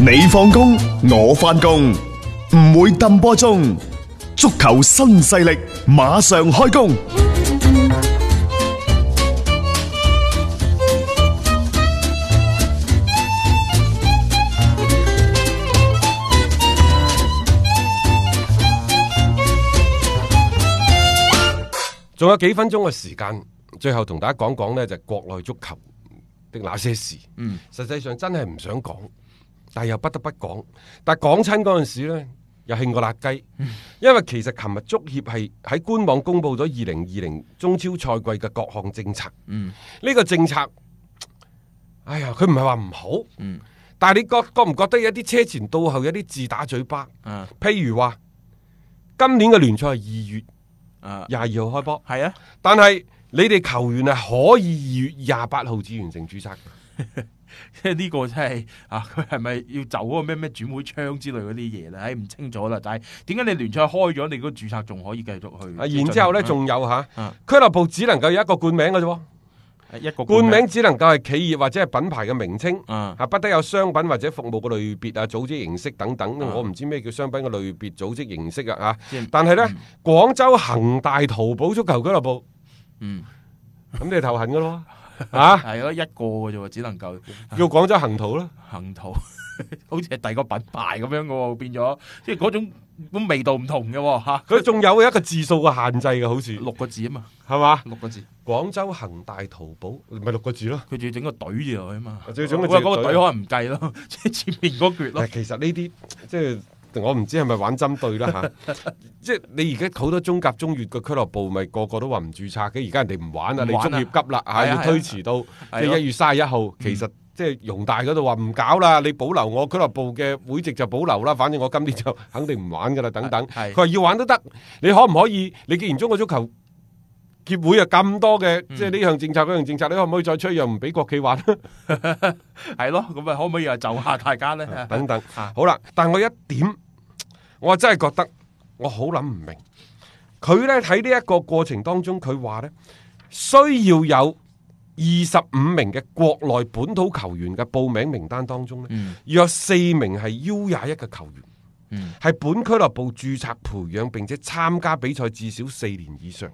你放工，我翻工，唔會撳波鐘。足球新勢力馬上開工。仲有幾分鐘嘅時間，最後同大家講講呢就係國內足球的那些事。嗯，實際上真係唔想講。但又不得不講，但係講親嗰陣時呢，又興過辣雞，嗯、因為其實琴日足協係喺官網公布咗二零二零中超賽季嘅各項政策，呢、嗯、個政策，哎呀，佢唔係話唔好，嗯、但係你覺覺唔覺得有啲車前到後，有啲自打嘴巴，啊、譬如話今年嘅聯賽係二月廿二號開波，係啊，是啊，但係你哋球員係可以二月廿八號至完成註冊。 即係呢個真係啊，佢係咪要就嗰個咩咩轉會窗之類嗰啲嘢咧？哎、唔清楚啦。但係點解你聯賽開咗，你個註冊仲可以繼續去？啊，然之後咧仲、嗯、有吓，俱樂部只能夠有一個冠名嘅啫，一個冠名，冠名只能夠係企業或者係品牌嘅名稱，啊，啊，不得有商品或者服務嘅類別啊，組織形式等等。啊、我唔知咩叫商品嘅類別、組織形式啊。吓、嗯，但係咧，廣、嗯、州恆大淘寶足球俱樂部，嗯，咁你係頭痕噶咯。 啊，係咯，一個嘅啫喎，只能夠叫廣州恒圖啦，恒圖好似係第二個品牌咁樣嘅喎，變咗即係嗰種咁味道唔同嘅吓，佢、啊、仲有一個字數嘅限制嘅，好似六個字啊嘛，係嘛吧，六個字，廣州恒大淘寶咪六個字咯，佢仲要整個隊住佢啊嘛，整嗰個隊可能唔計咯，即係前面嗰橛咯，其實呢啲即係。我唔知係咪玩針對啦吓，即係你而家好多中甲中乙嘅俱樂部，咪個個都話唔注冊嘅。而家人哋唔玩啊，你中乙急啦，啊要推遲到即一月卅一號。其實即係容大嗰度話唔搞啦，你保留我俱樂部嘅會籍就保留啦。反正我今年就肯定唔玩噶啦。等等，佢話要玩都得，你可唔可以？你既然中國足球協會啊咁多嘅，即係呢項政策嗰項政策，你可唔可以再出一樣唔俾國企玩？係咯，咁啊可唔可以啊就下大家咧？等等，好啦，但係我一點。我真係覺得我好諗唔明，佢咧喺呢一個過程當中，佢話咧需要有二十五名嘅國內本土球員嘅報名名單當中咧，要四、嗯、名係 U 廿一嘅球員，係、嗯、本俱樂部註冊培養並且參加比賽至少四年以上，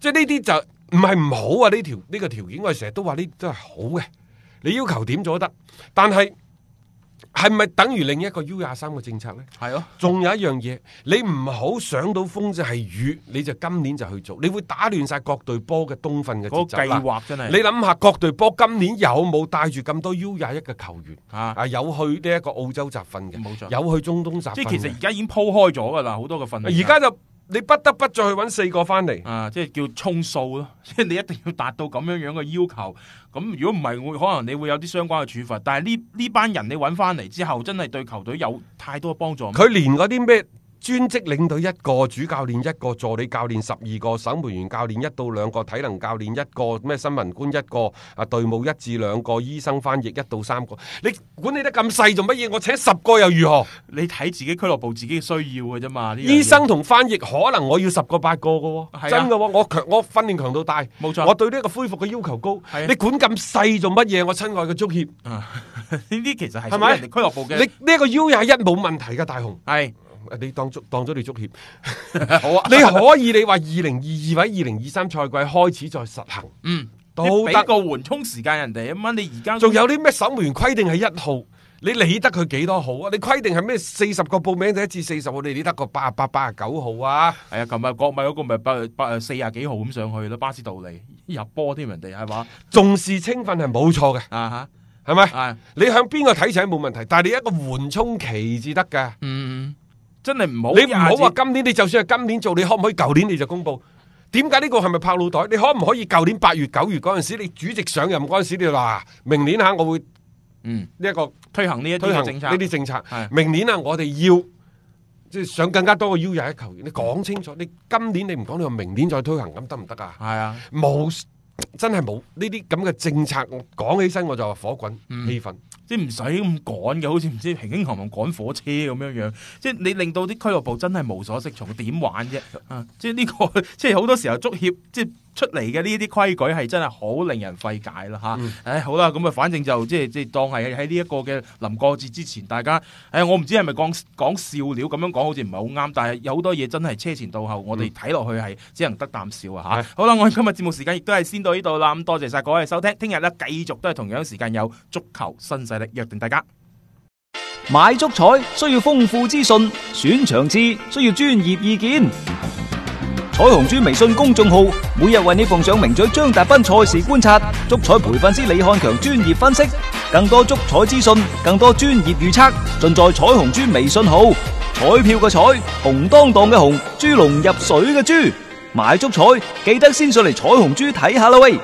即係呢啲就唔係唔好啊！呢條呢個條件我成日都話呢都係好嘅，你要求點做得，但係。係咪等於另一個 U 廿三嘅政策咧？係咯的，仲有一樣嘢，你唔好想到風就係雨，你就今年就去做，你會打亂晒各隊波嘅冬訓嘅計劃。計劃真係，你諗下各隊波今年有冇帶住咁多 U 廿一嘅球員啊，啊？有去呢一個澳洲集訓嘅，冇錯有去中東集訓的。即係其實而家已經鋪開咗噶啦，好多嘅訓練。而家就。你不得不再去揾四個翻嚟，啊，即係叫充數咯，即係你一定要達到咁樣樣嘅要求。咁如果唔係，會可能你會有啲相關嘅處罰。但係呢呢班人你揾翻嚟之後，真係對球隊有太多幫助。佢連嗰啲咩？專職領隊一個，主教練一個，助理教練十二個，守門員教練一到兩個，體能教練一個，咩新聞官一個，啊，隊務一至兩個，醫生翻譯一到三個。你管理得咁細做乜嘢？我請十個又如何？你睇自己俱樂部自己需要嘅啫嘛。醫生同翻譯可能我要十個八個嘅，真嘅，我強，我訓練強度大，冇錯。我對呢個恢復嘅要求高，你管咁細做乜嘢？我親愛嘅足協，呢啲其實係咩？人哋俱樂部嘅，你呢個 U 廿一冇問題嘅，大雄係。你當足當咗你足協， 好啊！ 你可以你話二零二二或二零二三賽季開始再實行，嗯，都得個緩衝時間人哋啊嘛！你而家仲有啲咩守門員規定係一號，你理得佢幾多號啊？你規定係咩四十個報名者至四十號，你理得個八百八十九號啊？係啊，琴日國米嗰個咪八八四廿幾號咁上去咯，巴斯杜利，入波添人哋係嘛？是重視青訓係冇錯嘅，啊哈、uh，係、huh. 咪？Uh huh. 你向邊個睇齊冇問題，但係你一個緩衝期至得嘅，嗯。真係唔好，你唔好話今年，你就算係今年做，你可唔可以舊年你就公布？點解呢個係咪拍腦袋？你可唔可以舊年八月、九月嗰陣時，你主席上任嗰陣時，你話明年吓我會嗯呢一個推行呢一推行呢啲政策？明年啊，我哋要即係想更加多嘅 U 廿一球員，你講清楚。你今年你唔講，你話明年再推行咁得唔得啊？係啊，冇。真係冇呢啲咁嘅政策，講起身我就火滾氣憤，即係唔使咁趕嘅，好似唔知平平常常趕火車咁樣樣，即係你令到啲俱樂部真係無所適從，點玩啫？啊，即係、這、呢個，即係好多時候足協即係。出嚟嘅呢啲規矩係真係好令人費解啦吓！唉，好啦，咁啊，反正就即係即係當係喺呢一個嘅臨過節之前，大家唉，我唔知係咪講講笑料咁樣講，好似唔係好啱，但係有好多嘢真係車前到後，嗯、我哋睇落去係只能得啖笑、嗯、啊吓！好啦，我哋今日節目時間亦都係先到呢度啦，咁多謝晒各位收聽，聽日咧繼續都係同樣時間有足球新勢力，約定大家買足彩需要豐富資訊，選場次需要專業意見。彩虹豬微信公眾號每日為你奉上名嘴張達斌賽事觀察、足彩培訓師李漢強專業分析，更多足彩資訊、更多專業預測，盡在彩虹豬微信號。彩票嘅彩，紅當當嘅紅，豬籠入水嘅豬，買足彩記得先上嚟彩虹豬睇下啦喂！